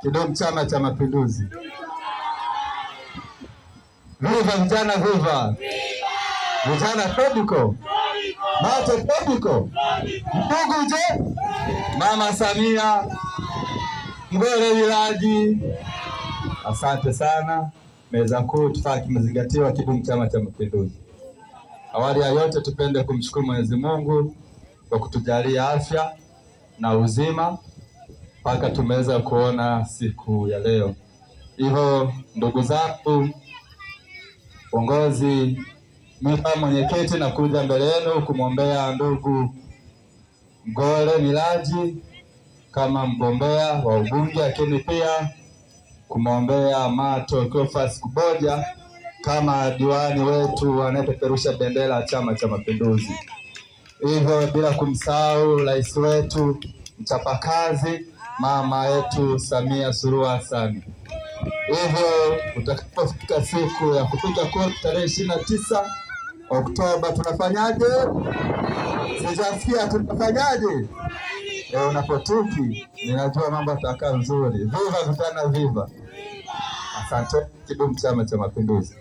Kidumu Chama cha Mapinduzi! Viva vijana! Viva vijana! Pediko mate, Pediko Mpugu je, Mama Samia Mgore Vilaji, asante sana. Meza kuu tufaki kimezingatiwa. Kidumu Chama cha Mapinduzi! Awali ya yote tupende kumshukuru Mwenyezi Mungu kwa kutujalia afya na uzima mpaka tumeweza kuona siku ya leo. Hivyo ndugu zangu, uongozi, mimi kama mwenyekiti nakuja mbele yenu kumwombea ndugu ngole Miraji kama mgombea wa ubunge, lakini pia kumwombea Mato Cleophas Kuboja kama diwani wetu anayepeperusha bendera ya Chama cha Mapinduzi, hivyo bila kumsahau rais wetu mchapakazi mama yetu Samia Suluhu Hassan. Hivyo utakapofika siku ya kupiga kura tarehe ishirini na tisa Oktoba, tunafanyaje? Sijasikia tunafanyaje? E, unapotuki ninajua mambo atakaa nzuri. Viva vitana, viva! Asante. Kidumu Chama cha Mapinduzi!